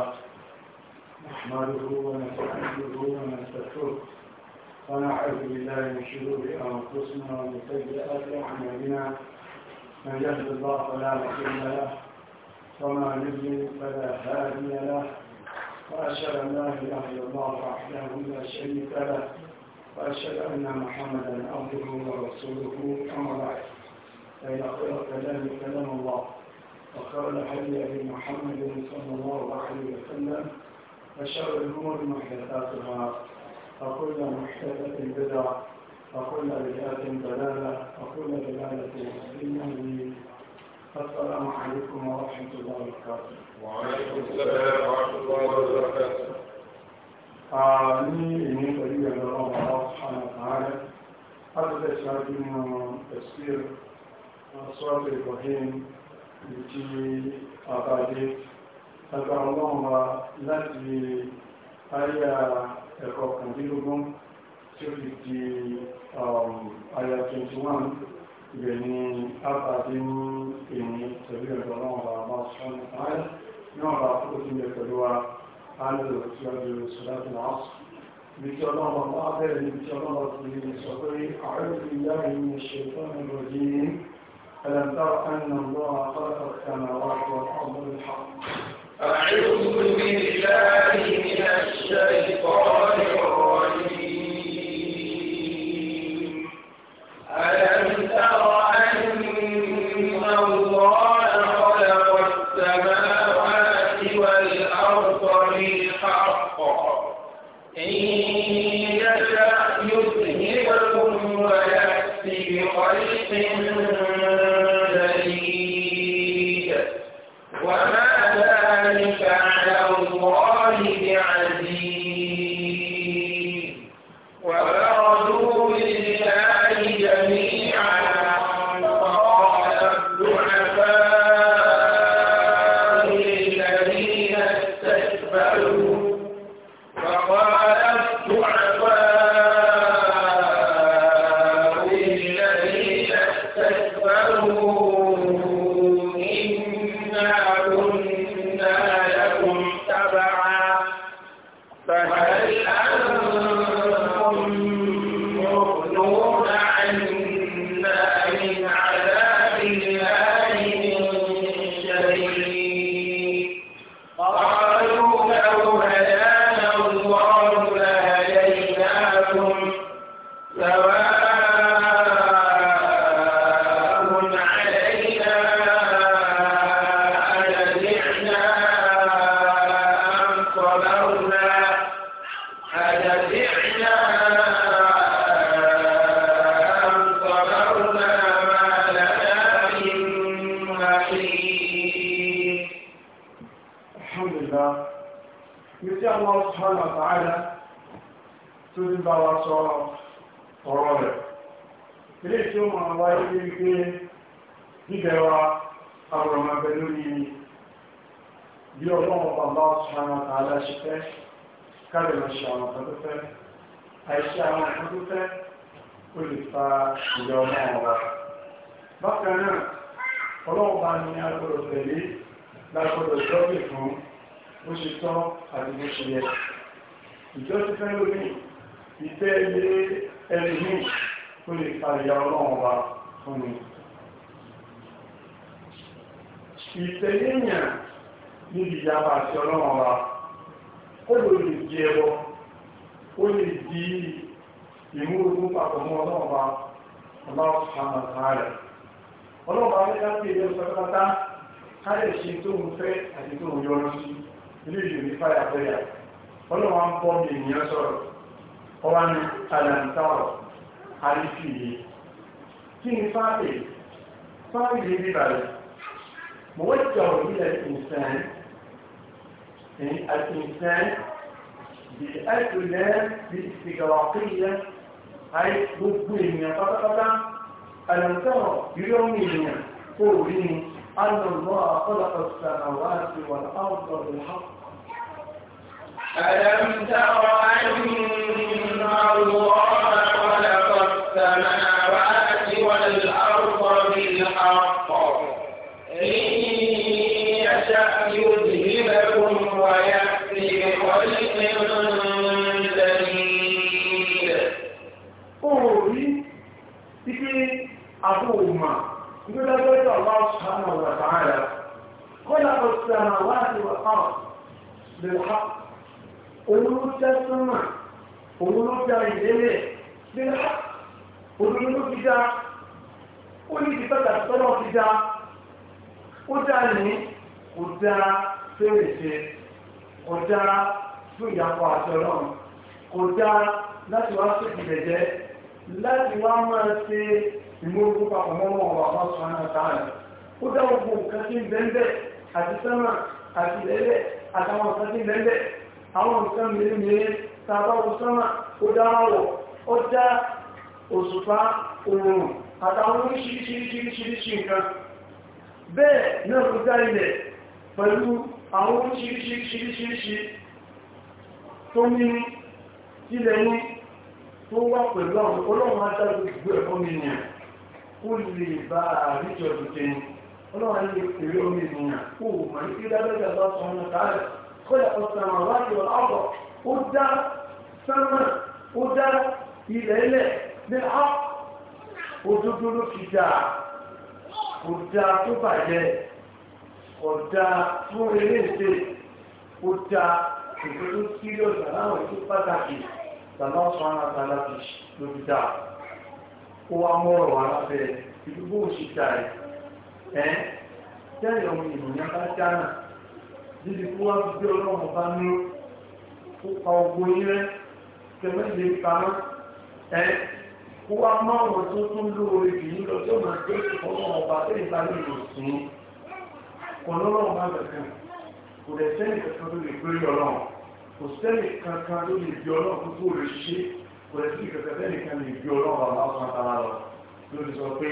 نحمده ونستعينه ونستغفره ونعوذ بالله من شرور انفسنا ومن سيئات اعمالنا من يهد الله فلا مضل له وما يضلل فلا هادي له واشهد ان لا اله الا الله وحده لا شريك له واشهد ان محمدا عبده ورسوله اما بعد فان خير الكلام كلام الله وقال حدي أبي محمد صلى الله عليه وسلم وشر الأمور محدثاتها فقلنا محدثة بدعة وكل بدعة ضلالة وكل ضلالة في السلام عليكم ورحمة الله وبركاته وعليكم السلام ورحمة الله وبركاته ní èmi pẹ̀lú ẹ̀rọ ọmọ ọ̀sán ààrẹ láti tẹ̀síwájú nínú ẹ̀sìn ọ̀sọ́ọ̀tẹ̀ ìbọ̀hìn ìtì àbájé àgbà ọlọ́run wa láti àyà ẹ̀kọ́ kàndínlógún tí ó fi di um, àyà 21 ibẹ̀ ni àbájé ní èyí tẹ̀lé ẹ̀kọ́ ọlọ́run wa máa sọ́nà àyà náà bá kó pẹ̀lú wa àlè tí ó di sọ́dọ̀tì náà ọlọ́run bá bẹ̀rẹ̀ ní ọlọ́run ti sọ pé àárẹ̀ ìlú ìyá ìyẹn fún ẹ̀rọ ألم تر أن الله خلق السماوات والأرض بالحق أعوذ بالله من الشيطان الرجيم ألم تر أن الله خلق السماوات والأرض بالحق إن يذهبكم ويأتي yàn níbi ìyàbà àti ọlọ́run ọba ó lè lè di ẹbọ ó lè di ìmúrogún papọ̀ mọ́ ọlọ́run ọba ọlọ́run sàmà sáré ọlọ́run ọba nígbà tí èdè sọ pátá káyọ̀ ṣe tó ń fẹ́ àti tó ń yọrọ sí ilé ìlú ní fàyàfẹ́yà ọlọ́run wa ń bọ́ mi ènìyàn sọ̀rọ̀ ọba ní tàlàntàrọ̀ àrífìyè kí ni fáàlì fáàlì yìí bíbà rẹ̀ موجه إلى الإنسان يعني الإنسان بأجل بالاستجراقية أي بالظلم فقط ألم ترى بيومنا قولين أن الله خلق السماوات والأرض بالحق ألم ترى أن الله táwọn ìmọ̀ nígbà lọ́jọ́ Allah subhanahu wa ta'ala kọ́lá ọ̀sẹ̀ àwọn wáṣẹ̀ wà pàwọ̀ lè ha òun ló jẹ́ súnmọ̀ òun ló jẹ́ ìdílé lè ha òun ló fi dá ó ní ti tọ́jà tọ́lọ́ fi dá fún ìyàpọ̀ àti ọlọ́run kò dá láti wá sí ìbẹ̀jẹ́ láti wá máa ṣe ìmúrúkú papọ̀ mọ́mọ́ ọ̀rọ̀ ọ̀rọ̀ sọ̀rọ̀ àtàrà ó dá ogun nǹkan tí ń bẹ́ńbẹ́ àti sẹ́mà àti lẹ́lẹ̀ àtàwọn nǹkan tí ń bẹ́ńbẹ́ àwọn nǹkan mìíràn mìíràn tàbá ó sẹ́mà ó dá àwọ̀ ó dá òṣùpá òòrùn àtàwọn oríṣiríṣiríṣiríṣi nǹkan bẹ́ẹ̀ náà ló dá ilẹ̀ pẹ̀lú àwọn oríṣiríṣiríṣiríṣi tó ní ilẹ̀ ní tó wà pẹ̀lú àwọn ọlọ́run adájú gbogbo ẹ̀kọ́ mi kó lè bá àríjọ tuntun ni ọlọ́run lè pèrè omi ènìyàn kó o mọ̀ ní kí dábẹ́jà bá sọ ọmọ káàrẹ̀ kọ́lẹ̀ ọ̀sán àwọn àjọ ọ̀pọ̀ ó dá sánmà ó dá ilẹ̀ ilẹ̀ ní á òdodo ló fi dáa kò dáa tó bàjẹ́ kò dáa fún eré ìṣe kò dáa ìgbésó sílíọ̀sì aláwọ̀ ètò pàtàkì tàbá sọ àwọn ló fi dáa kó wá mọ́rọ̀ wá lábẹ́ ìdúgbò òṣìṣà rẹ̀ ẹ́ tẹ́lẹ̀ ohun ìròyìn bá dáná níbi kó wá fi gbé ọlọ́run bá ní kó pa ogbó yín rẹ́ tẹ̀wé lè pamọ́ ẹ́ kó wá mọ́ àwọn tó tún lóore jù yín lọ tí ó máa gbé ọlọ́run ọba tẹ́lẹ̀ bá lè lò sùn kọ́ lọ́rùn bá bẹ̀rẹ̀ kò lẹ́sẹ̀ nìkan tó lè gbé ọlọ́run kò sẹ́nìkan kan tó lè gbé ọlọ́run tó lè ṣe é kò lè sí ìkẹ̀kẹ́ nìkan lè gbé ọlọ́run àwọn ọmọ àtàrà lọ ló ti sọ pé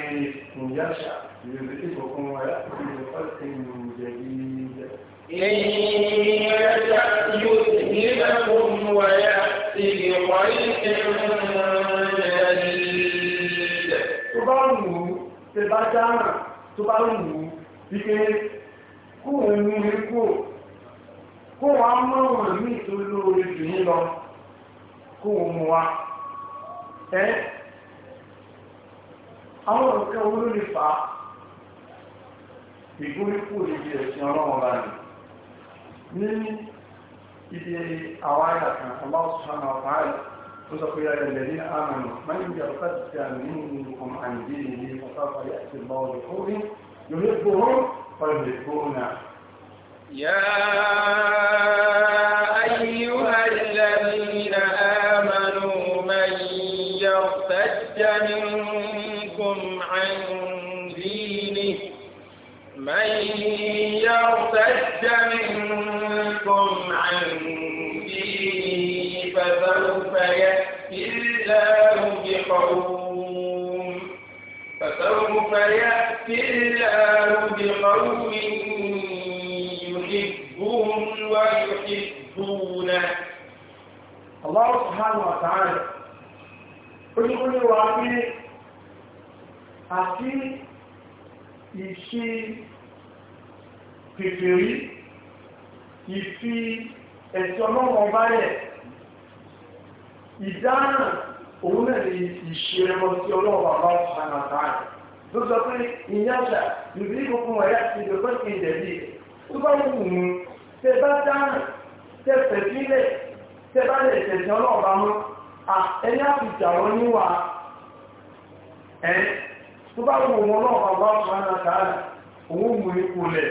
ìyáṣà ìrètí kọ̀ọ̀kan wọn yá kó lè fọ́ ìsinmi ìjẹ́ yíyẹ. إن يشأ ṣe bá dáhà tó bá wù ú wípé kó òun ní kó kó jù ní lọ kó wọn mú wa ẹ àwọn nǹkan wo ló lè fà á ìgbóríkù níbi ẹ̀sìn ọlọ́run bá ní ní ibi àwọn àyà kan aláwọ̀ sọ́nà ọ̀pá rẹ̀ ó sọ pé ayọ̀ lẹ̀ ní àmàlù máa ń yẹ ọ̀pá ti ṣe àmì nínú nǹkan àìdí ìlú ọ̀pá parí àti ìbáwọ̀ ìkórè yóò lè gbòòrò ọ̀rẹ́ lè gbòòrò náà. yáá ارتد منكم عن فسوف يأتي الله بقوم فسوف يأتي الله بقوم يحبهم ويحبونه الله سبحانه وتعالى قل قل وعطيه àti ìṣe kèfèrí ìfi ẹ̀sìn ọlọ́run ọba rẹ̀ ìdáhùn òun náà ni ìṣe ẹmọ sí ọlọ́run bàbá ọ̀sán àtàrà ló sọ pé ìyáṣà ìrírí gbogbo ẹ̀yà ti dọ̀gbọ́n ti dẹ̀bi tó bá wù mú tẹ bá dáhùn tẹ fẹ̀ sílẹ̀ tẹ bá lè tẹ̀sìn ọlọ́run bá mú ẹni àfìjà wọn níwà ẹ̀ tó bá wù wọn ọlọ́run bàbá ọ̀sán àtàrà òun mú ipò lẹ̀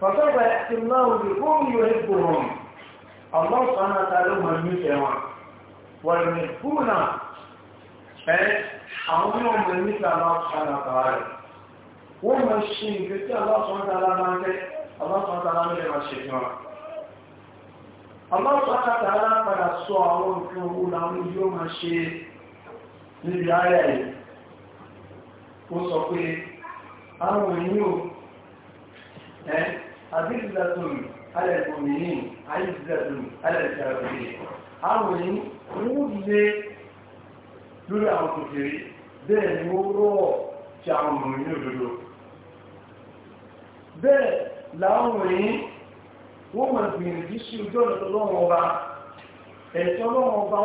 فسوف يأتي الله بقوم يحبهم الله سبحانه وتعالى من يسمع ويحبون àwọn yóò mọ̀ nípa aláàtàrà wọ́n mọ̀ ṣe ìgbé tí aláàtàrà máa ń tẹ́ aláàtàrà mẹ́rẹ̀ máa ṣe fún wa aláàtàrà padà àwọn nǹkan owó láwọn níbi ayà yìí ó sọ pé àwọn ènìyàn àdílùdàtùn alẹ́kùnrin àìsìdàtùn alẹ́kùnrin àwọn yìí wọ́n lè lórí àwọn kòkèrè bẹ́ẹ̀ ni ó rọ̀ tí àwọn mọ̀rin ní òdòdó bẹ́ẹ̀ láwọn yìí wọ́n mọ̀ gbìyànjú sí ojú ọ̀nà lọ́wọ́ ọba ẹ̀tọ́ lọ́wọ́ ọba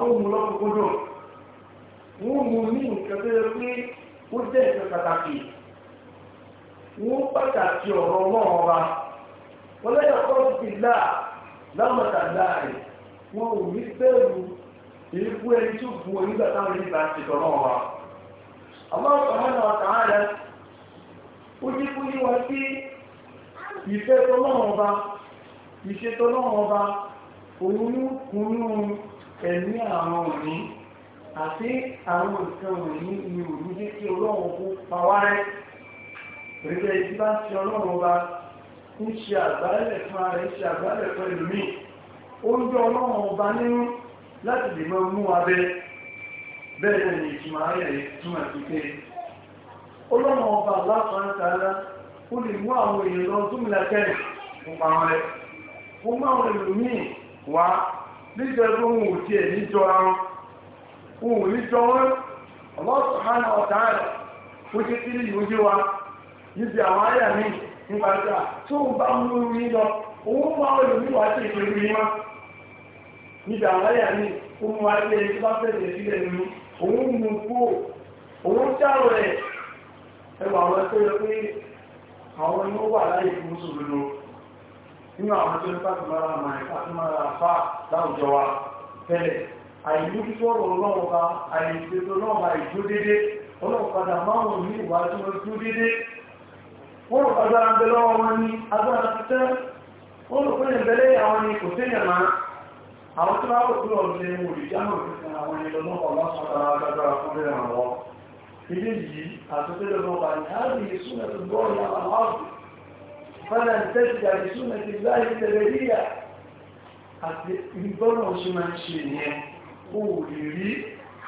wọ́n pàtàkì ọ̀rọ̀ ọlọ́wọ́ ọba wọ́n lẹ́yìn àkọ́kọ́ ti là lámọ̀tà láàyè wọn ò ní bẹ́ẹ̀rù ìlú ẹni tó bu onígbà táwọn ìgbà ti tọ̀ náà wa. àwọn ọ̀sán náà tàn án rẹ̀ ó ní kú ní wọn sí ìfẹ́ tó náà ọba ìṣètò náà ẹ̀mí àwọn òní àti àwọn nǹkan òní ni òní jẹ́ kí ọlọ́run kó pa wárẹ́. Rẹ̀gbẹ́ ìdí ọlọ́run ọba ń ṣe àgbálẹ̀ fún ara ṣe àgbálẹ̀ fún ẹlòmí ọlọ́run ọba nínú láti lè mọ mú abẹ bẹ́ẹ̀ ni ìtumọ̀ ayẹ̀ rẹ̀ túmọ̀ pé ọlọ́run ọba aláfàáńtàlá ó lè mú àwọn èèyàn lọ tó fún àwọn rẹ̀ fún wá tó ń wò ọ̀tá rẹ̀ ó kí ní tó ń bá mú rí lọ owó máa ń lò ní ìlú rí wá níbi àwọn ní ohun wa ilé ẹni bá fẹ̀sẹ̀ sílẹ̀ nínú òun mú kú òun dárò rẹ̀ ẹwà àwọn tó yẹ pé àwọn ni wà láyé fún sòrò nínú àwọn tó ń pàtàkìmára máa ń pàtàkìmára fà láwùjọ wa tẹ́lẹ̀ àìlúkúsọ̀rọ̀ ọlọ́ọ̀ba àìsètò ọlọ́ọ̀ba ìdúdédé ọlọ́ọ̀padà máwọn ní ìwà tó ń dúdédé wọ́n rò agbára ń bẹ lọ́wọ́ wọn ní agbára títẹ́ wọ́n rò fún ìbẹ̀lẹ̀ àwọn ni kò sí ìyàmá àwọn tí wọ́n kúrò ọ̀dẹ́ olùjámọ̀ ìfẹ́ àwọn ìlọ́nà ọlọ́sọ̀tara agbára fún rẹ̀ àwọn ilé yìí àtúntẹ́lẹ̀ lọ́wọ́ ni a rí ìsúnà tó gbọ́ ìyá àwọn ọ̀dọ́ fẹ́lẹ̀ ń tẹ́sí àìsúnà ti láì tẹ̀lé ríyà àti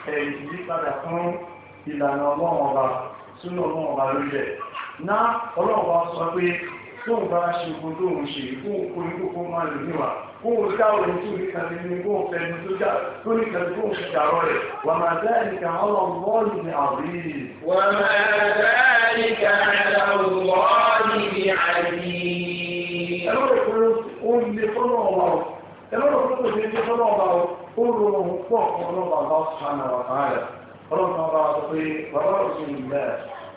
ẹ̀yìn yípadà fún ìlànà ọlọ́wọ́n ọba súnà ọlọ́wọ́n ọba lórí ná ọlọ́ọ̀bá sọ pé tó ń bá ṣègbò tó ń ṣe fún oníkókó máa lè níwà fún òṣìṣàwòrán tó ní kàtí ní kó fẹ́ni tó já tó ní kàtí kó ń ṣàrọ̀ rẹ̀ wà máa dáàrí ka ọlọ́ọ̀lọ́ọ̀lì ní àbí wà máa dáàrí ka ọlọ́ọ̀lọ́ọ̀lì ní àbí ẹlọ́rọ̀ pé ó lè fọ́nà ọ̀la ọ̀ ẹlọ́rọ̀ pé kò lè fọ́nà ọ̀la ọ̀ ó rọrùn pọ̀ ọlọ́ọ̀bà bá sànà wà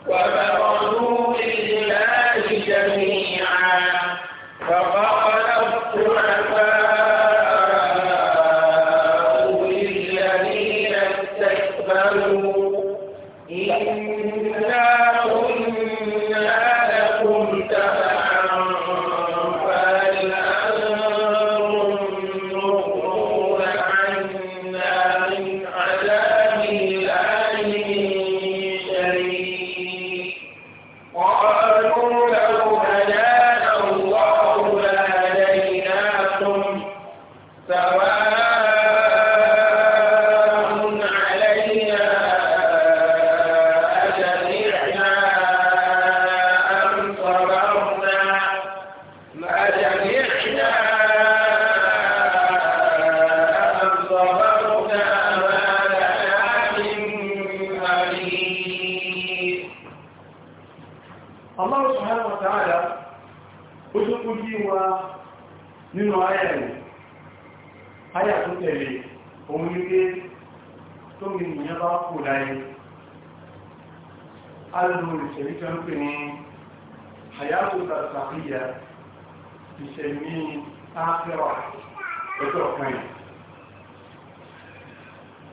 وبرزوا لله جميعا فقال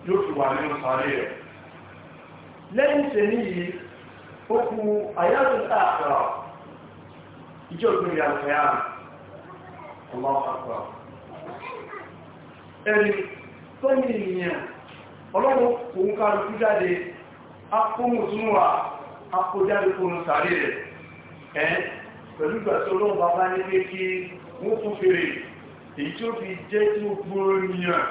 yóò fi wà nínú sáré rẹ̀ lẹ́yìn tẹ̀ níyí ó kú àyájọ́ tààkàrà ìjọ ìgbìmọ̀ ìyàlùfẹ́ àmì ọlọ́pàá ẹni tó ní ìyẹn ọlọ́run òun kàrù kú jáde akóhùnsúnwà akójáde kóhùn sáré rẹ̀ ẹ́ pẹ̀lú ìgbà tí ọlọ́run bàbá ní pé kí wọ́n fún fèrè èyí tí ó fi jẹ́ tí ó gbóró nìyàn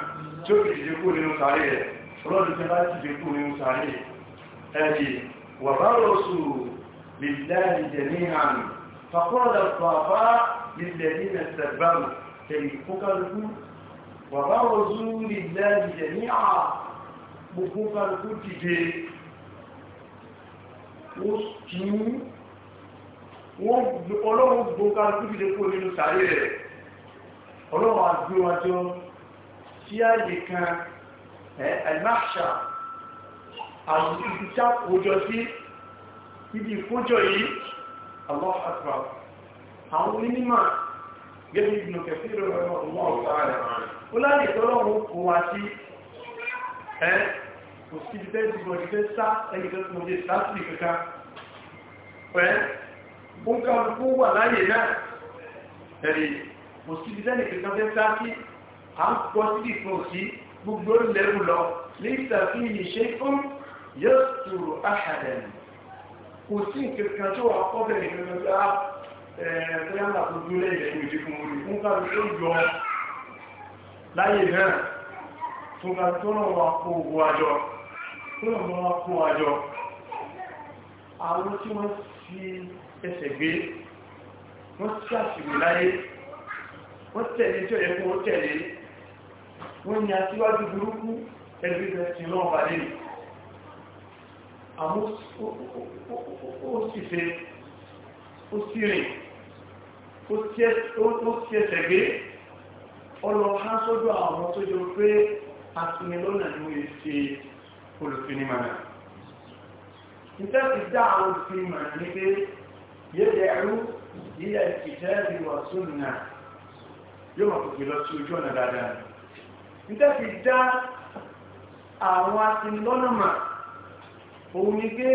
tí ó ti dìkú nínú sàárè rẹ̀ ọlọ́dún tí bá ti dìkú nínú sàárè ẹ̀dì wà bá rọ̀sù lìlẹ́rì jẹ̀ní àmì fàkọ́lẹ̀ pàpá lìlẹ́rì ẹ̀sẹ̀gbàmù tẹ̀lì fúkàlùkù wà gbogbo kàlùkù dìde ó kó nínú sàárè rẹ̀ ọlọ́run àgbéwájọ́ sí àyè kan ẹ̀ẹ́dẹ́gbàṣà àwọn ìdíjà kójọ sí ibi ìkójọ yìí Allah akbar àwọn onímọ̀ gẹ́gẹ́ ìbìnà kẹfì rẹ̀ ọmọ ọ̀gá rẹ̀ ó láyé tọ́lọ́run kó wá sí ẹ́ kò sí ibi tẹ́sí bọ̀ ibi tẹ́sí sá ẹni tẹ́sí mọ̀ jẹ́ sásìlì à ń pọ̀ sí ìfún sí gbogbo lẹ́rù lọ ní ìsàfihàn ìṣe fún yóò tùrù àṣàdẹ̀nù kò sí nǹkan tó wà kọ́bẹ̀rẹ̀ ìrìnlọ́gbà ẹ̀ẹ́dẹ́gbà tó dúró lẹ́yìn ìdí fún orí fún káàkiri tó yọ láyé náà tó ga tó náà wà kó owó àjọ tó náà wà kó àjọ àwọn tí wọ́n fi ẹsẹ̀ gbé wọ́n tí àṣìwò láyé wọ́n tẹ̀lé tó yẹ kó tẹ̀lé wọ́n ni aṣíwájú burúkú ẹgbẹ́ ìrẹsìn náà wà lè àmú ó sì fẹ́ ó sì rìn ó sì ẹsẹ̀ gbé ọlọ há sọ́dọ̀ àwọn tó jọ pé asinilọ́nà ni wọ́n ṣe olùfinimọ̀nà ìtẹ́sì dá àwọn olùfinimọ̀nà ní pé yẹ́dẹ̀ ẹ̀rú ilẹ̀ ìtẹ́ẹ̀dì wà sóòrùn náà yóò mọ̀ pẹ̀lú lọ sí ojú ọ̀nà dáadáa níta fi dá àwọn asinilọ́nàmà òun ni pé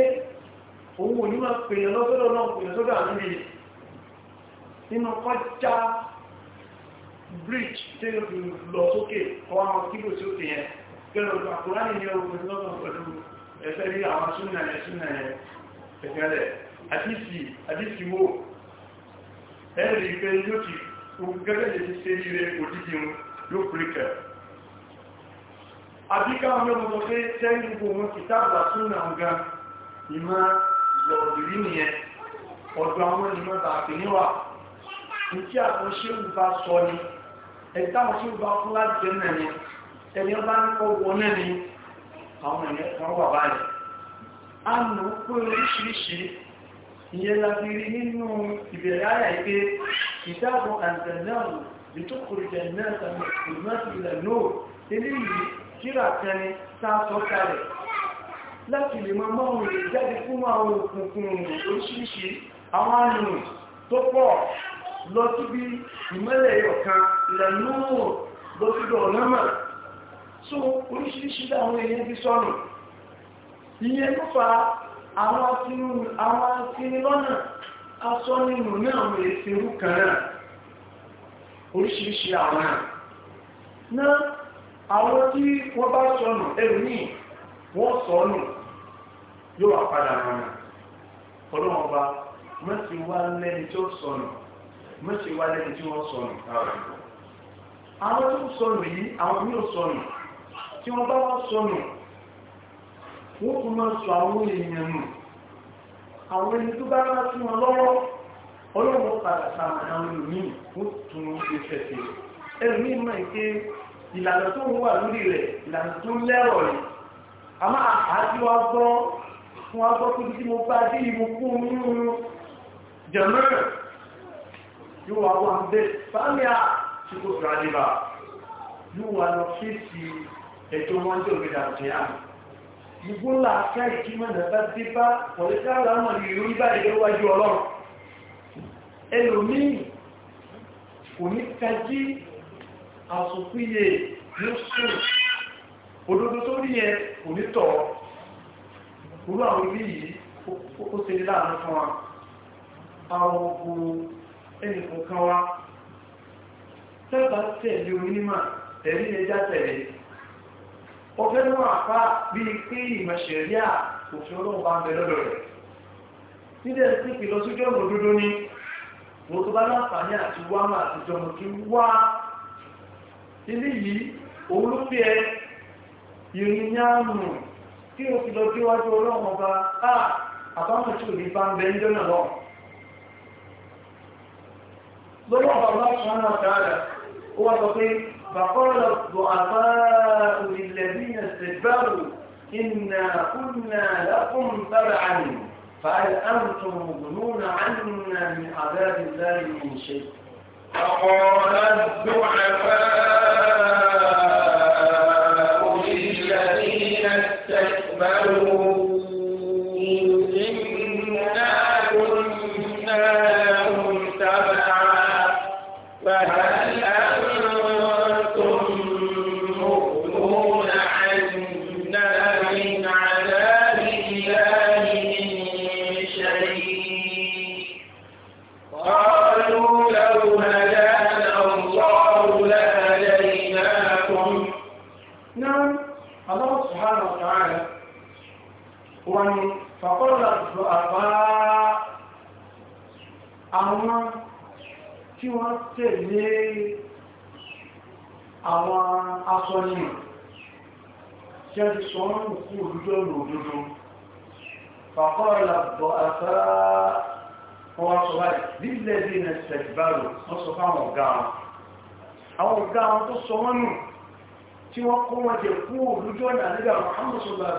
òun ò ní máa pèèyàn lọ́sọ́dọ̀ náà pèèyàn sọ́dọ̀ àwọn ènìyàn nínú kọjá bridge tí ó fi lọ sókè ọwọ́ àwọn kílò sí òkè yẹn kẹrọ àkùránì ní ọgbọ̀n lọ́gbọ̀n pẹ̀lú ẹ̀fẹ́ rí àwọn súnà yẹn súnà yẹn pẹ̀fẹ́lẹ̀ àdísì àdísì wò ẹ̀rì pé yóò ti gẹ́gẹ́ lè ti ṣe rí rẹ̀ òdídìí yóò àbí káwọn mẹ́rin sọ pé sẹ́yìn gbogbo wọn ti tábìlà súnà ọ̀gá ìmọ̀ lọ́ọ̀dìrí nìyẹn ọ̀dọ̀ àwọn ìmọ̀ tààkì níwà ní tí àwọn ṣéwù bá sọ ni ẹ̀dí táwọn ṣéwù bá fún láti jẹ́ náà ni ẹni ọba ń kọ́ wọ náà ni àwọn ẹ̀yẹ kan wà báyìí a nù pé oríṣiríṣi ìyẹn láti kíra kan ni sáàtọ kalẹ̀ láti lè máa máa rìn jáde fún àwọn òkùnkùn oríṣiríṣi àwọn àrùn tó pọ̀ lọ síbi ìmọ́lẹ̀ ọ̀kan lẹ́nu lọ síbi ọ̀nàmà so oríṣiríṣi láwọn èèyàn ti sọnù ìyẹn ló fa àwọn afinilọ́nà asọ́ nínú ní àwọn èsì rú kan náà oríṣiríṣi àwọn náà àwọn tí wọ́n bá sọnù ẹlòmíì wọ́n sọnù yóò wá padà hàn ọlọ́wọ́n ọba mẹ́sì wá lẹ́ni tí ó sọnù mẹ́sì wá lẹ́ni tí wọ́n sọnù àwọn tó sọnù yìí àwọn mí ò sọnù tí wọ́n bá wá sọnù wọ́n tún máa sọ àwọn èèyàn nù àwọn ẹni tó bá sí wọn lọ́wọ́ ọlọ́wọ́n padà àwọn tún ìlànà tó ń wà lórí rẹ̀ ìlànà tó lẹ́rọ̀ rẹ̀ àmọ́ àti wá gbọ́ fún wá gbọ́ tóbi tí mo bá dé ìmú fún nínú jẹ̀mọ́ yóò wá wá bẹ́ sáàmìà tí kò tó àdébà yóò wá lọ fèsì ẹ̀tọ́ wọn tó gbé dàbí àmì gbogbo ńlá afẹ́ ìkímọ̀ nàbá dé bá pọ̀lẹ́tà láwọn ìlú rí báyìí lọ́wọ́jú ọlọ́run ẹlòmíì kò ní tají àsòfíye yóò òdodo tó rí yẹn kò ní tọ̀ òru àwọn ilé yìí ó ṣe ní láàánú fún wa àwọn ogun ẹnì kọ̀ọ̀kan wa tẹ́gbà tẹ̀lé onímọ̀ tẹ̀lé ẹjá tẹ̀lé ọ̀fẹ́ náà àpá bí i pé ìmọ̀ṣẹ̀ríà òfin ọlọ́run bá ń bẹ lọ́dọ̀ rẹ̀ nílẹ̀ sí ìlọsójú ọ̀nà òdodo ni mo tó bá láǹfààní àti wá máa àtijọ́ mo kí wá ilé yìí òun ló fi ẹ ìrìn yáàmù kí o ti lọ síwájú ọlọ́run ọba a àbámọ̀ tí ò ní bá ń bẹ ń jọ́nà lọ. lọ́wọ́ bàbá kan náà dára ó wá sọ pé bàbá ọ̀dọ̀ àbá òrìlẹ̀ bí ẹ̀sẹ̀gbáwò إنا كنا لكم تبعا فهل أنتم مغنون عنا من عذاب الله من شيء استكبروا àwọn tí wọ́n tẹ̀lé àwọn asọ́nì tí a ti sọ wọ́n kú òdúdó òdúdó pàpọ̀ ìlàbọ̀ àtàrà wọ́n sọ báyìí bílẹ̀ bí i ṣẹ̀gbàrò wọ́n sọ fáwọn ọ̀gá wọn àwọn ọ̀gá wọn tó sọ wọ́n nù tí wọ́n kó wọn jẹ kú òdúdó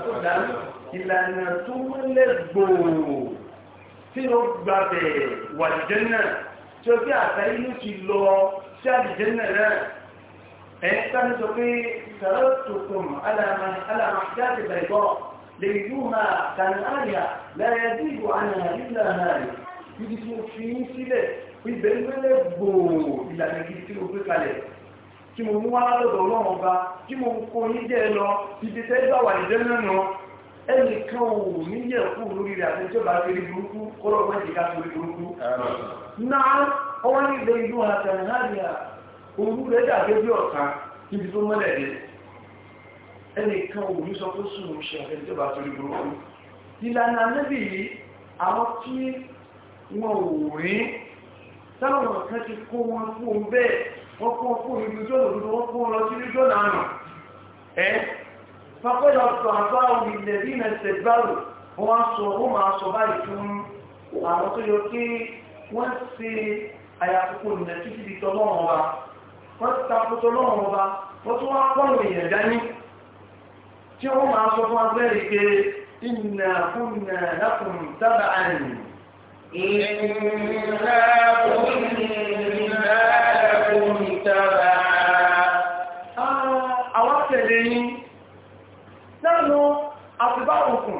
ìlànà ìlànà tó mọ́lẹ̀ gbòòrò tí ó gbàbẹ̀ wà jẹ́nà tí ó bí àtà inú ti lọ sí àdìjẹ́nà náà ẹ̀yìn sáni sọ pé sàrọ́tùkùn alàmàjáde bẹ̀rẹ̀ lè yú ma kàní àyà lẹ́yẹ dìbò àyà nílà náà ibi tí ó fi ń sílẹ̀ ibẹ̀ ń gbẹ́lẹ̀ mo mú wá lọ́dọ̀ ọlọ́run ọba tí mo kó yín jẹ́ lọ ibi tẹ́ wà ìjẹ́ náà ẹnìkan ò ní yẹ kú lórí rẹ̀ àti ìjọba kiri burúkú kọ́lọ́ wọn jìká kiri burúkú. náà ọwọ́ ní ilé ìlú àtàlẹ́hàdìyà òwú rẹ̀ dàgbé bí ọ̀tá níbi tó mọ́lẹ̀ dé ẹnìkan ò ní sọ pé sùn ṣe àti ìjọba kiri burúkú. ìlànà níbi yìí àwọn tí wọn ò rí táwọn kan ti kó wọn fún un bẹ́ẹ̀ wọ́n kó fún ìlú jọ́nà òdodo wọ́n kó wọn lọ sí ìlú jọ́nà àná ẹ́ فقال الضعفاء للذين استكبروا هو هم عصبايكم àrùntúyò kí wọ́n ṣe àyàkùkù nìyà títí di tọ́lọ́wọ́n ọba wọ́n ti takò tọ́lọ́wọ́n ọba wọ́n tún wá pọ́nù èèyàn dání tí wọ́n máa sọ fún agbẹ́rẹ́ pé ìnà kùnà lákùn dábà àyìn. ìnà kùnà òkùn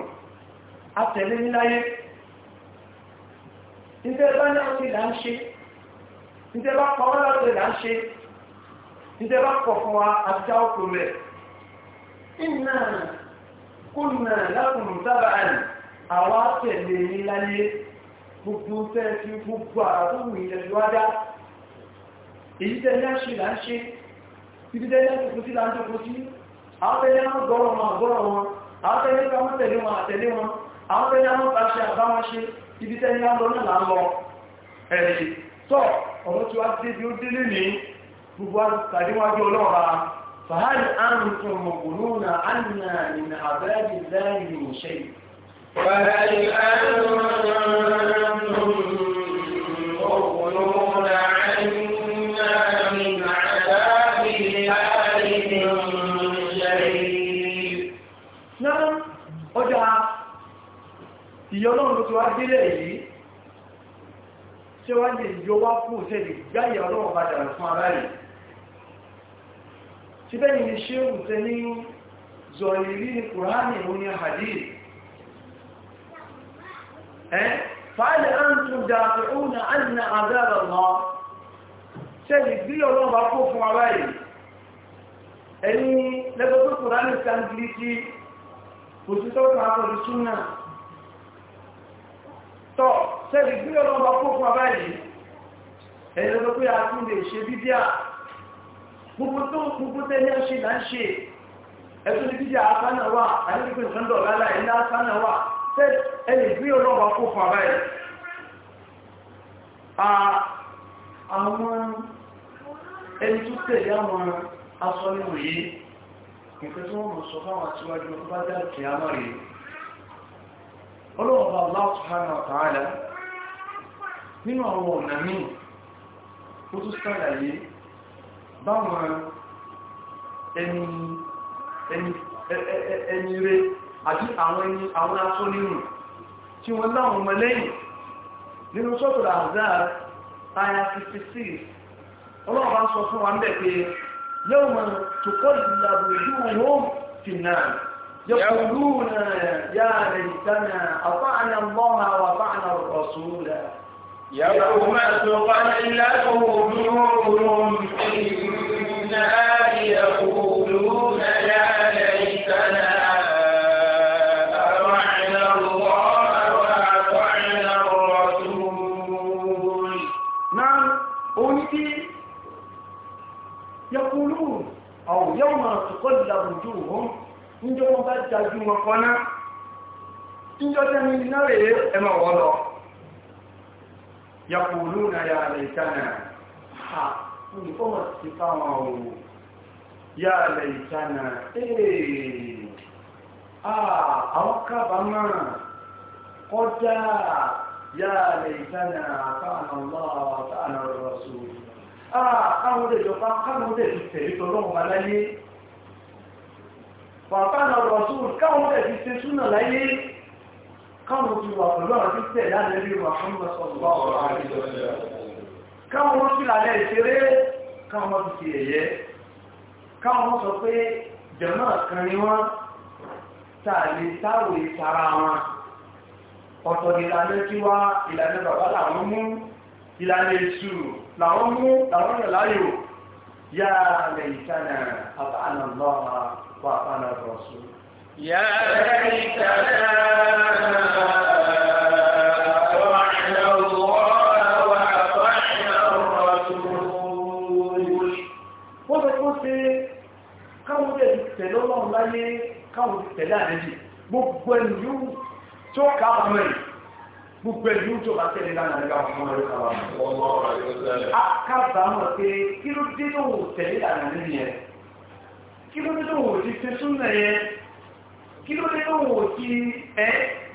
àtẹ̀lé níláyé nígbẹ́ bá ní ọ̀sẹ̀ là ń ṣe nígbẹ́ bá pa ọ́rọ̀ ọ̀sẹ̀ là ń ṣe nígbẹ́ bá pọ̀ fún wa àti ọkùn rẹ̀ iná kùnà lákùnrin èyí tẹ́lẹ̀ ṣe là ń ṣe ibi sí là ń sí àwọn tẹ́lẹ̀ náà gbọ́rọ̀ wọn gbọ́rọ̀ wọn àwọn tẹ́lẹ̀ ká mọ́ tẹ̀lé wọn àtẹ̀lé wọn àwọn tẹ́lẹ̀ àwọn bá ṣe àbáwọn ibi tẹ́lẹ̀ á lọ náà lọ ẹ̀rì tọ́ ọ̀rọ̀ tí wá dé bí ó délé ní gbogbo ìyọlọ́run tó ti wá délẹ̀ yìí ṣé wá lè yọ wá kú tẹ́lẹ̀ gbáyẹ̀ ọlọ́run padà fún ara rẹ̀ tí bẹ́yìn ni ṣé òun tẹ́ ní zọ̀rìrí ní kùránì òun ní hadith ẹ́ fàálẹ̀ á ń òun tọ́ sẹ́lì gbé ọlọ́mọ kó fún abá yìí ẹ̀yìn lọ́dọ́ pé a tún lè ṣe bíbí à gbogbo tó gbogbo tẹ́lẹ̀ ṣe là ń ṣe ẹ̀tún ní bíbí àásánà wà àdébíkò ìfẹ́ndọ̀ lálá ẹ̀lá àásánà wà sẹ́lì gbé ọlọ́mọ kó fún abá yìí àwọn ẹni tó tẹ̀lé àwọn asọ́nìwòye ìfẹ́ tó wọ́n mọ̀ sọ fáwọn àtiwájú ọkọ̀ bá dá kìí ọlọ́wọ́ bá Allah subhanahu wa ta'ala nínú àwọn ọ̀nà míì ó tún sàlàyé báwọn ẹni ẹni rẹ àti àwọn ẹni àwọn aṣọ nínú tí wọ́n láwọn ọmọ lẹ́yìn nínú sọ́tọ̀ àzáà àyà 56 ọlọ́wọ́ bá sọ fún wa ń bẹ̀ يقولون يا ليتنا أطعنا الله وأطعنا الرسول يوم تقلب وجوههم في النار يقول níjọ́ wọn bá jajú wọn kan náà níjọ́ tẹ́mi iná rèé ẹ máa wọ́n lọ yàkùlù náà yà lè tánà ha nìkọ́ wọn ti fáwọn o yà lè tánà ee àwọn kábàámà kọjá yà lè tánà káànà lọ́wọ́ káànà rọ̀ sóòrò àwọn ọdẹ ìjọba káànà ọdẹ ìfẹ̀ẹ́ tọ́lọ́wọ́ fàtánà rọ̀sùn káwọn ẹ̀ fi ṣe súnà láyé káwọn ti wà pẹ̀lú àwọn tí tẹ̀ lálẹ́ rí wà fún mọ́sọ̀lọ́ ọ̀rọ̀ àríjọ́ káwọn ti lálẹ́ ìṣeré káwọn ti ẹ̀yẹ káwọn sọ pé jẹ̀mọ́ kan ni wọ́n tààlé táwò ìtara wọn ọ̀tọ̀ ìlànà tí wá ìlànà bàbá làwọn mú ìlànà èṣù làwọn mú làwọn rẹ̀ láyò yáà lè ìtànà àbáànà lọ́wọ́ وأنا الرسول يا ليتنا tẹ̀lé ọlọ́run láyé káwọn tẹ̀lé àrẹ́jì gbogbo ẹ̀yú tó káwọn rẹ̀ gbogbo ẹ̀yú tó bá tẹ̀lé lánàá nígbà fún ọ̀rẹ́ káwọn rẹ̀. akábàámọ̀ pé kí ló dé tó wò tẹ̀lé àrẹ́jì yẹn kí ló tó wò ti ṣe súnà yẹn kí ló tó wò ti ẹ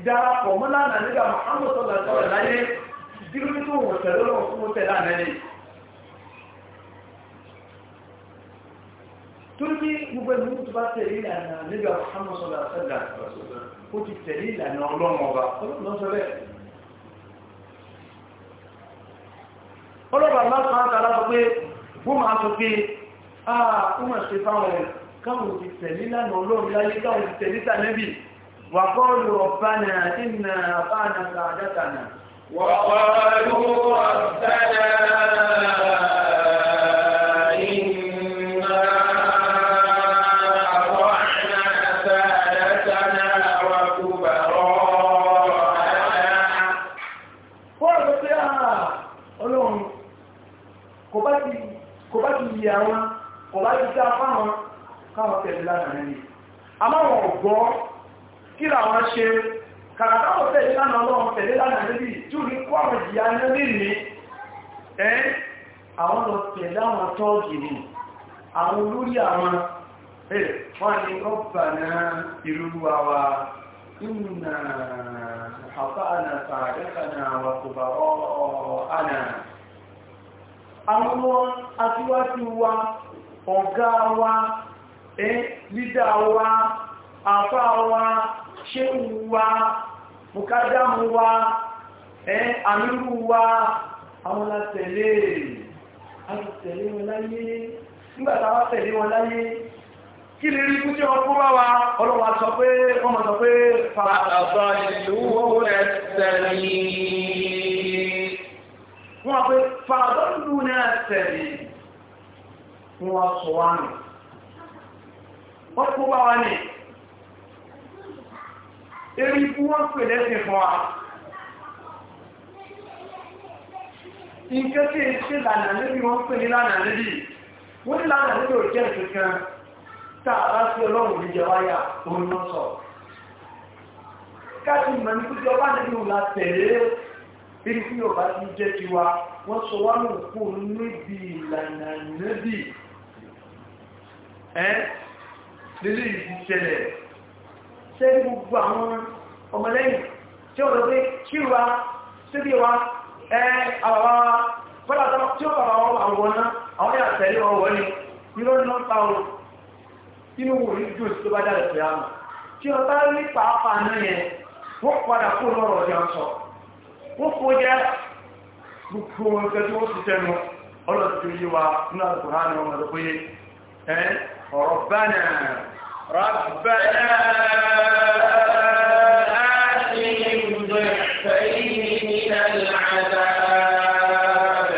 darapọ̀ mọ́ lánàá nígbà Muhammad sọ̀rọ̀ sọ̀rọ̀ láyé kí ló tó wò tẹ̀lé lọ́wọ́ fún mọ́tẹ̀ pé gbogbo ẹgbẹ́ tó pé wọ́n máa sọ ah, fáwọn káwọn ti tẹ̀lé lánàá ọlọ́run láyé káwọn ti tẹ̀lé tànẹ́bì wàkọ́ọ̀lù ọ̀bánà ìnà àbáàna sàádátànà wàkọ́ọ̀lù ọ̀bánà kò bá ti yẹ àwọn kò bá ti dá fáwọn káwọn tẹ̀lé lánàá nẹ́ni àmáwọn ọ̀gbọ́ kí làwọn ṣe tẹ̀lé lánàá ọlọ́run tẹ̀lé ní àwọn ní ẹ́ àwọn lọ tẹ̀lé àwọn tọ́ọ̀gì ni àwọn olórí àwọn ẹ̀ wọ́n ni lídà wa àfá wa ṣéhù wa wa wa àwọn látẹ̀lé àtẹ̀lé wọn láyé nígbàtà Kiliri tẹ̀lé wọn láyé kí lè rí kújẹ́ ọkọ́ bá wa ọlọ́wà sọ pé ọmọ sọ pé fàtàbà ìlú wọ́n pé fàtàbà ìlú wọ́n sọ wá wọ́n kó bá wa ní eré ikú wọ́n pè lẹ́sìn fún wa nǹkan tí èyí ṣe lànà níbi wọ́n pè ní lànà níbi wọ́n ní lànà níbi ò jẹ́ ìṣẹ́kan tá a bá sí ọlọ́run ìjẹ wáyà òun lọ sọ káàkiri mọ̀ ní kújọ bá níbi lélẹ́ ìṣẹ̀lẹ̀ ṣe gbogbo àwọn ọmọlẹ́yìn tí ó lọ́pẹ́ kíwa síbí wa ẹ àwọ̀ fọ́látọ́ tí ó bàbá wọn àwọn náà àwọn yà tẹ̀lé wọn wọ́n ni irọ́ ní wọ́n ta o inú wò ní jù tó bá dára sí àmà tí wọ́n bá rí pàápàá náà yẹn wọ́n padà kó lọ́rọ̀ ọjà ń sọ wọ́n kó jẹ́ gbogbo ọ̀rọ̀ bá ربنا آتهم ضعفين من العذاب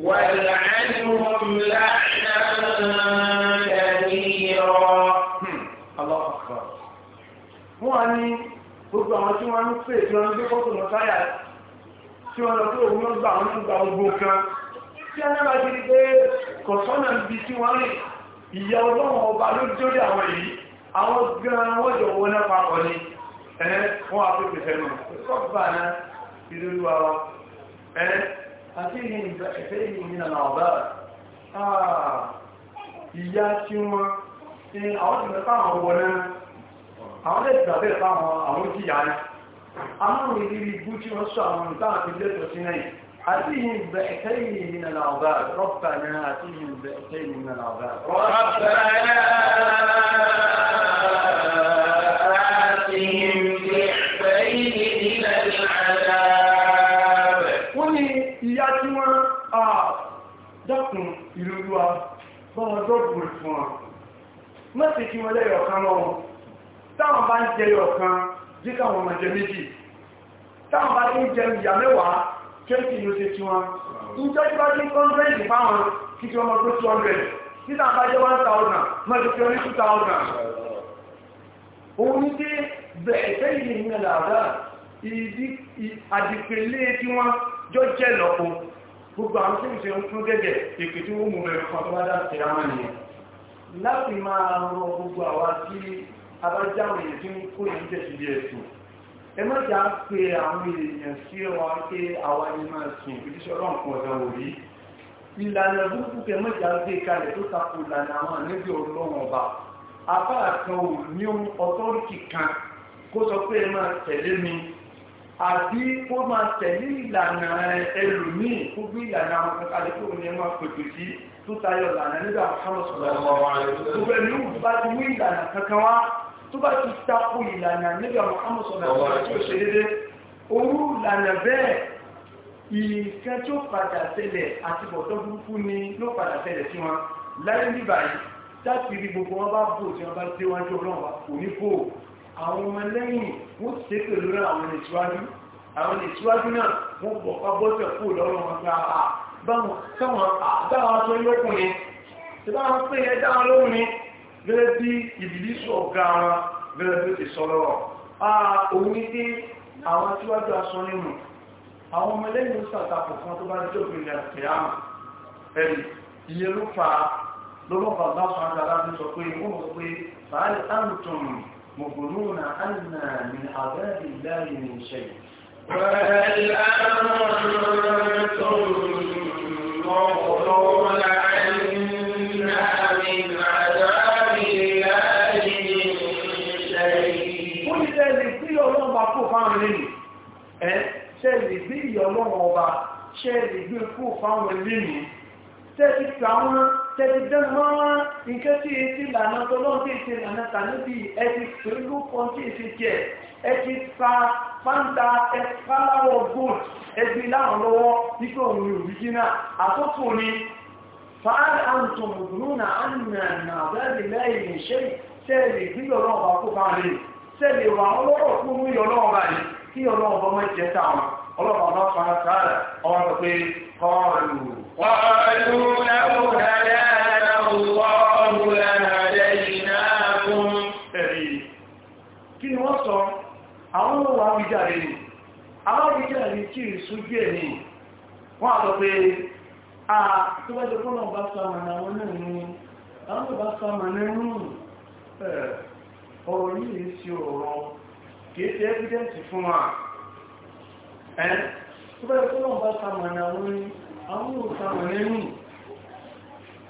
والعنهم لعنا كبيرا الله أكبر wọ́n ní gbogbo àwọn tí wọ́n ń pè tí wọ́n ń gbé kọ́tù mọ́táyà tí wọ́n lọ sí òun ló gbà wọ́n ń gba ogun kan tí wọ́n náà bá ti di pé kọ̀sọ́nà ń bi tí wọ́n rìn ìyá ọlọ́run ọba ló jórí àwọn èyí àwọn gan wọ́n jọ wọ́n náà papọ̀ ní ẹ̀ẹ́ fún àpẹẹrẹ fẹ́nu sọ́gbà náà ìlú wa ẹ̀ẹ́ àti ìyẹn ìfẹ́ ìyẹn ní àwọn ọ̀bá ìyá tí wọ́n ní àwọn ti mẹ́fà àwọn wọ́n náà àwọn lè gbàgbé fáwọn àwọn tí yà ní àwọn ìrírí ibú tí wọ́n sọ náà أتيهم بئتين من العذاب ربنا أتيهم بئتين من العذاب ربنا أتيهم بئتين من العذاب wọ́n ní ìyá tí wọ́n á dákun ìlú wa bọ́wọ́ dọ́gbù fún wọn mọ́sí kí wọ́n lẹ́yọ̀ kan lọ́wọ́ táwọn bá ń jẹyọ̀ kan jíkà wọn mọ̀jẹ méjì táwọn bá ń jẹ ìyà mẹ́wàá kéèkì ló ṣe tí wọn ń tẹ́jú bá dín kọ́ńtẹ́ǹtì fáwọn kí tí wọ́n mọ́ tó two hundred títà bá jẹ́ one thousand mọ́ tó fi orí two thousand. òun ní pé bẹ̀ẹ̀ sẹ́yìn ní ìyẹn làdá àdìpẹ̀lẹ́ tí wọ́n jọ jẹ́ lọ́pọ̀ gbogbo àwọn tí ìṣẹ́ ń fún gẹ́gẹ́ èpè tí wọ́n mú rẹ̀ fún ọdọ́dá ti ra wọn nìyẹn láti máa rọ gbogbo àwa tí abájáwò yìí tí ń kó ẹ má jà pé àwọn èèyàn sí wọn pé àwọn ẹni máa sìn ìpìdíṣẹ́ ọlọ́run kan ọ̀dà òrí ìlànà burúkú kẹ má jà gbé kalẹ̀ tó tako ìlànà àwọn àníbi ọlọ́run ọba apá kan ò ní ọtọ́rìkì kan kó sọ pé ẹ máa tẹ̀lé mi àbí kó máa tẹ̀lé ìlànà ẹlòmíì kó gbé ìlànà àwọn kan kalẹ̀ tó ní ẹ máa pètè sí tó tayọ ìlànà nígbà mọ́sálọ́sọ̀rọ̀ ọ̀rọ̀ rẹ̀ gbogbo tó bá ti tako ìlànà níbi àwọn amọ́sọ̀lá tó ṣe dédé orú ìlànà bẹ́ẹ̀ ìkan tí ó padà tẹ́lẹ̀ àti bọ̀tọ́ burúkú ni ló padà tẹ́lẹ̀ sí wọn láyé níbà yìí láti rí gbogbo wọn bá bò tí wọn bá dé wájú ọlọ́run wa kò ní bò àwọn ọmọ lẹ́yìn wọ́n ṣe pẹ̀lú àwọn ìṣíwájú àwọn ìṣíwájú náà wọ́n bọ̀ ká bọ́sẹ̀ kó lọ́rọ̀ wọn gba àbáwọn sọ́wọ́n àbáwọn aṣọ yókùn ni ṣùgbọ́n àwọn pé ẹ dáwọn lóhùn ni gẹ́gẹ́ bí ìbìlísù ọ̀gá wọn gẹ́gẹ́ bí ti sọ́lọ́rọ̀ òun ní pé àwọn tí wájú aṣọ nínú àwọn ọmọ lẹ́yìn sàtàkù fún tó bá jẹ́ òfin ìrìnàṣẹ́ àmà ẹ̀rì ìyẹn ló fa lọ́lọ́pàá lásán àdára ti sọ pé wọ́n sọ pé fàálì àǹtọ̀nù mọ̀gbọ̀núnà àìnà ní àbẹ́ẹ̀dì láàrin ní iṣẹ́ Fẹ́ẹ̀lẹ́ àrùn-ún tó ń mọ́ ọ̀lọ́wọ́ láàrin fáwọn lẹ́nu ẹ́ ṣe lè gbé ìyọlọ́wọ́ ọba ṣe lè gbé kú fáwọn lẹ́nu tẹ́tí tàwọn tẹ́tí dẹ́mọ́rán nǹkan tí èsì lànà tọ́lọ́n tí èsì lànà tàbí ẹ̀sì pẹ̀lú kan tí èsì jẹ́ ẹ̀sì fa fanta ẹ̀fáláwọ̀ gold ẹgbì láwọn lọ́wọ́ nípa òun òrìjínà àtọ́kù ni fàárà àǹtọ̀ mùgbùnúnà àmì sẹ́lẹ̀ wà ọlọ́rọ̀ fún mú yọlọ́wọ́ báyìí kí ọlọ́wọ́ bọ́ mọ́ táwọn ọlọ́wọ́ náà fara sáàrà ọwọ́ pé kọ́ọ̀lù. wọ́n wọ́n àtọ́ a tó bá jẹ́ bá sọ náà ní àwọn tó bá ọ̀rọ̀ yìí si sí ọrụ kìí ṣe evidence fún wa ẹ́ tó bẹ́ẹ̀ tó lọ́n bá sàmànà wọn ni àwọn ò sàmànà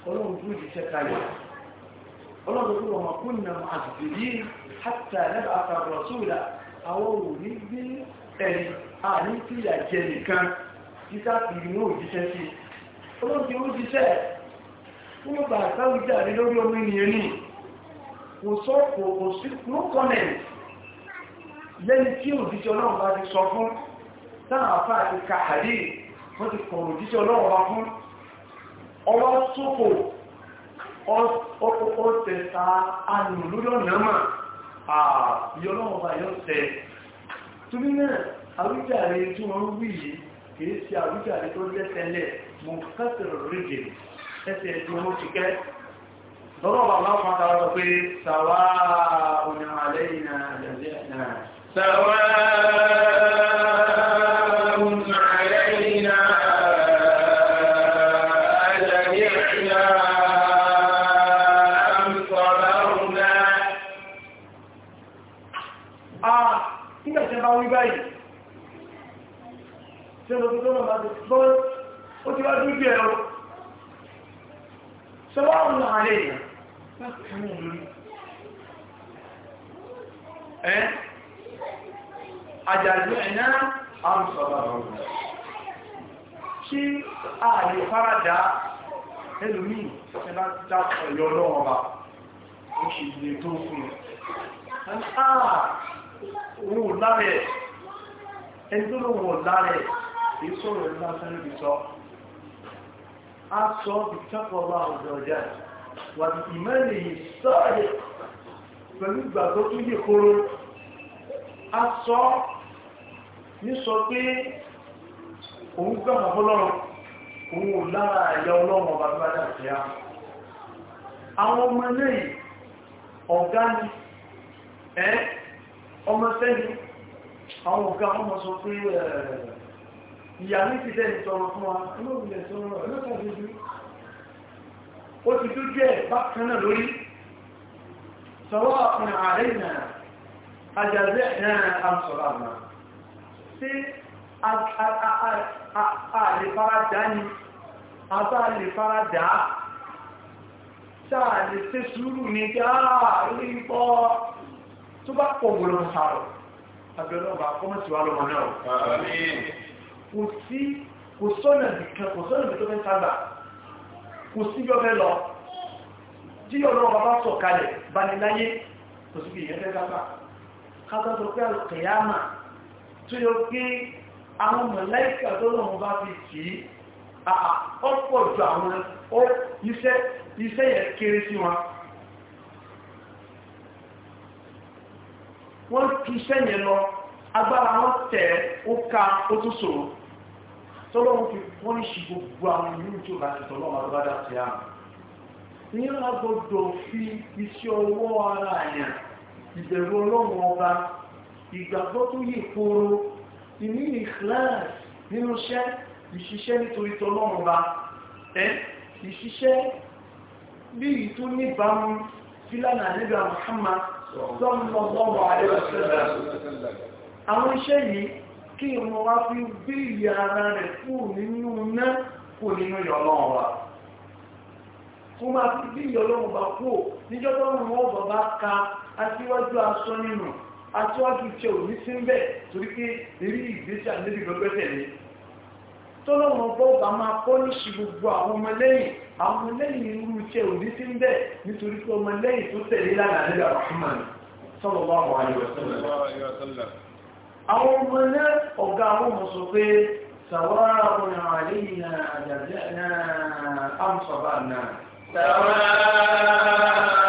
ọlọ́run tó ti kalẹ̀ ọlọ́run tó lọ́mọ kún nà àgbè yìí hátà lẹ́bà àtàrọ̀ sóòlà àwọn ò gbé ẹ̀rí àní tí ìyà jẹ nìkan títà fi inú òjíṣẹ́ sí ọlọ́run tí ó jíṣẹ́ kò sọ kò sí no comment lẹ́ni tí òjíṣẹ́ ọlọ́run bá ti sọ fún táwọn afá àti kàhàdé wọ́n ti kọ̀rọ̀ òjíṣẹ́ ọlọ́run bá fún ọwọ́ sókò ọkọ̀kọ́ tẹ̀ta àrùn lórí ọ̀nà mà ààbí ọlọ́run bá yọ tẹ̀ torí náà àwíjàre tí wọ́n ń wí yìí kìí ṣe àwíjàre tó lẹ́sẹ̀lẹ̀ mọ̀ kásìrò rígè ẹsẹ̀ ẹ̀dùn ọmọ kíkẹ́ ọlọ́run bàbá wọn máa tàwọn sọ pé sàwá ònà àlẹ́ ìnà àjẹjẹ náà. sàwá ònà àlẹ́ ìnà àjẹjẹ náà. Nígbà tí a bá wí báyìí, tí a lọ tó tó lọ bá ti bọ́, ó ti wá dúdú ẹ̀rọ. Sọ́wọ́ ọ̀nà àlẹ́ ìyàn, ẹ́ eh? àjàjú ẹ̀nà àrùsọ̀bà ọ̀rọ̀ kí a lè fárádá ẹlùmí ẹbá dákọ̀ ẹ̀yọ lọ́wọ́ bá ó ṣe lè tó fún ohun ah! lárẹ̀ ẹni tó lówó lárẹ̀ èyí sọ̀rọ̀ ìlú lásán níbi a sọ ìtẹ́kọ̀ọ́ wà ní ìmẹ́lẹ̀ yìí sọ́ọ̀yẹ̀ pẹ̀lú ìgbà tó tún yè kóró a sọ ní sọ pé òun gbàgbà fọlọ́run òun ò lára ẹ̀yà ọlọ́run ọba tó bá dà sí a àwọn ọmọ lẹ́yìn ọ̀gá ni ẹ́ ọmọ sẹ́yìn àwọn ọ̀gá ọmọ sọ pé ìyá ní ti tẹ́lẹ̀ sọ̀rọ̀ fún wa ẹlọ́gbìnlẹ̀ sọ̀rọ̀ ẹlọ́gbìnlẹ̀ ó ti dójú ẹ̀ bákan náà lórí sọ̀rọ̀ ọkùnrin ààrẹ náà àjàzẹ́ náà àmsọ̀rọ̀ àmà sí àlèfaradà ni àbá àlèfaradà sáà lè ṣe sùúrù ní kí àà orí pọ́ tó bá pọ̀ gbọ́lọ́ sàrọ̀ àbẹ̀lọ́ bá kọ́mọ̀tì wà lọ́mọ náà kò sí kò sọ́nà bìkan kò sọ́nà bìkan tó fẹ́ sábà kò síjọ́ fẹ́ lọ jíjọ́ lọ́wọ́ bàbá sọ̀ kalẹ̀ baniláyé kò síbi ìyẹn fẹ́ kápá kápá sọ pé àlùkìyàmà tó yọ pé àwọn mọ̀láìkà tó lọ́wọ́ bá fi tì í ọ̀pọ̀ ju àwọn iṣẹ́ yẹn kéré sí wọn wọ́n tu iṣẹ́ yẹn lọ agbára wọn tẹ̀ ó ka ó tún sòrò tọ́lọ́run fi pọ́nìṣì gbogbo àwọn ìlú tí ó bá ti tọ́lọ́run àlọ́bàdà sí àmì ìyẹn náà gbọdọ̀ fi iṣẹ́ ọwọ́ ara àyàn ìbẹ̀rù ọlọ́run ọba ìgbàgbọ́ tó yè kóró ìní ìkíláàsì nínú iṣẹ́ ìṣiṣẹ́ nítorí tọ́lọ́run ọba ẹ́ ìṣiṣẹ́ bí ìtú níbàámu fílànà àdébà Muhammad sọ́mọ́ ọgbọ́n wà á lè wà kí ìmọ̀ wá fi bí ìyà ara rẹ̀ kú nínú iná kú nínú ìyọ̀lọ́wọ́ wa kó máa fi bí ìyọ̀lọ́wọ́ bá kú níjọ́ tó ń wọ́n bàbá ka aṣíwájú aṣọ nínú aṣíwájú tẹ òní sí ń bẹ̀ torí pé eré ìgbésẹ̀ àlejò lọ́gbẹ́sẹ̀ ni tọ́lọ́wọ́n bọ́ bá máa kọ́ níṣì gbogbo àwọn ọmọlẹ́yìn àwọn ọmọlẹ́yìn irú tẹ òní sí ń bẹ̀ nítorí pé ọmọlẹ́yìn tó tẹ̀lé lánàá nígbà àwọn ọmọ náà ọ̀gá àwọn ọmọ sọ pé سواء علينا أجزأنا أم صبرنا سواء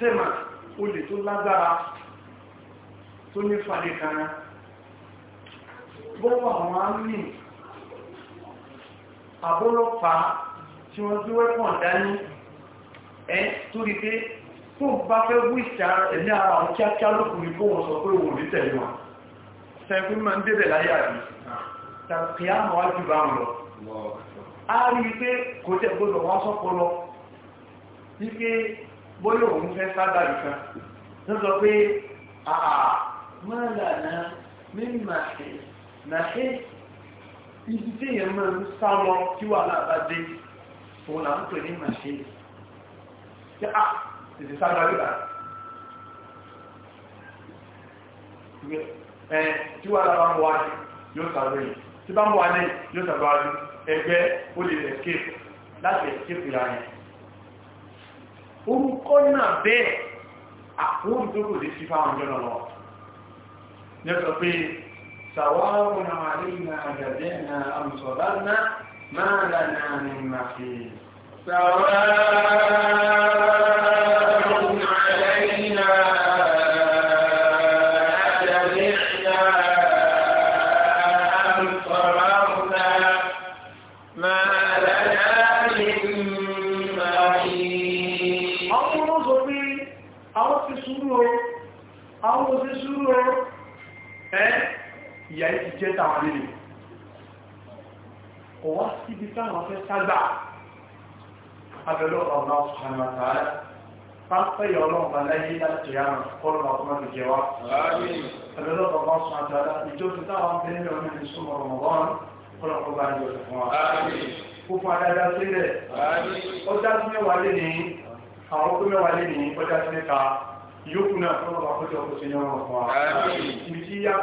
sẹ́mà olè tó lágbára tó ní fàdékara gbọ́wọ́ àwọn àmì àbọ́lọ́pàá tí wọ́n tí wẹ́pọ̀n dání ẹ́ tó rí pé tó bá fẹ́ wú ìṣà ẹ̀mí ara àwọn kíákíá lókùnrin kó wọ́n sọ pé òun ní tẹ̀lé wọn sẹ́kún máa ń débẹ̀ láyé àrí tàbí àmọ́ wájú wípé bóyá òun fẹ́ sábà nìkan ló sọ pé mọ́là náà mí màṣẹ màṣẹ ibi tí èèyàn máa ń sá lọ kí wàhálà bá dé òun là ń pè ní màṣẹ ṣe à tètè sábà rí bàá ẹ tí wàhálà bá ń wá yóò sáré yìí tí bá ń wá ní yóò sáré ẹgbẹ́ ó lè escape láti escape ìyá yẹn orúkọ náà bẹ́ẹ̀ àwọn olùdókò lè fi fáwọn ọjọ́ lọ́wọ́ nẹ́sọ̀ pé sàwọ́rùn na àmùsọ̀lá náà máa lànà àmì màfẹ́ sàwọ́rùn táwọn fẹ́ ságbà abẹ́lọ́ ọ̀nà ọ̀sán àtàrà pàápẹ́yẹ ọlọ́ọ̀bà láyé láti yára kọ́lọ̀ ọ̀pọ̀ ìjẹ wa abẹ́lọ́ ọ̀nà ọ̀sán àtàrà ìjọsìn táwọn fẹ́ ní ọmọ ìlú súnmọ́ ọmọbọ́n kọ́lọ̀ kó bá ìjọ fún wa fúnfún adájá sílẹ̀ ọjà tí mẹ́wàá lé ní àwọn tó mẹ́wàá lé ní ọjà tí mẹ́ta yókù náà fọ́nà àkójọ kò sí ní ọmọ fún wa ibi tí yá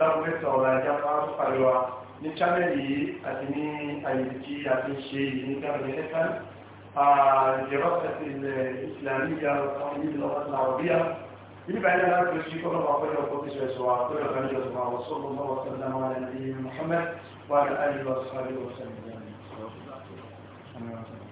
láwọn fẹ́ sọ̀rọ̀ ajá máa ń pariwa ní channel yìí àti ní àyèjì tí a ti ń ṣe yìí ní gáàmì ẹ̀sán àjẹrọ́sẹ̀tì ilẹ̀ ìsìlámíyà ìlú ọ̀làwọ̀bíyà إلى بعد ذلك يشيك الله عز وجل وقدس يسوع كل غني يسوع وصلى الله وسلم على نبينا محمد وعلى آله وصحبه وسلم.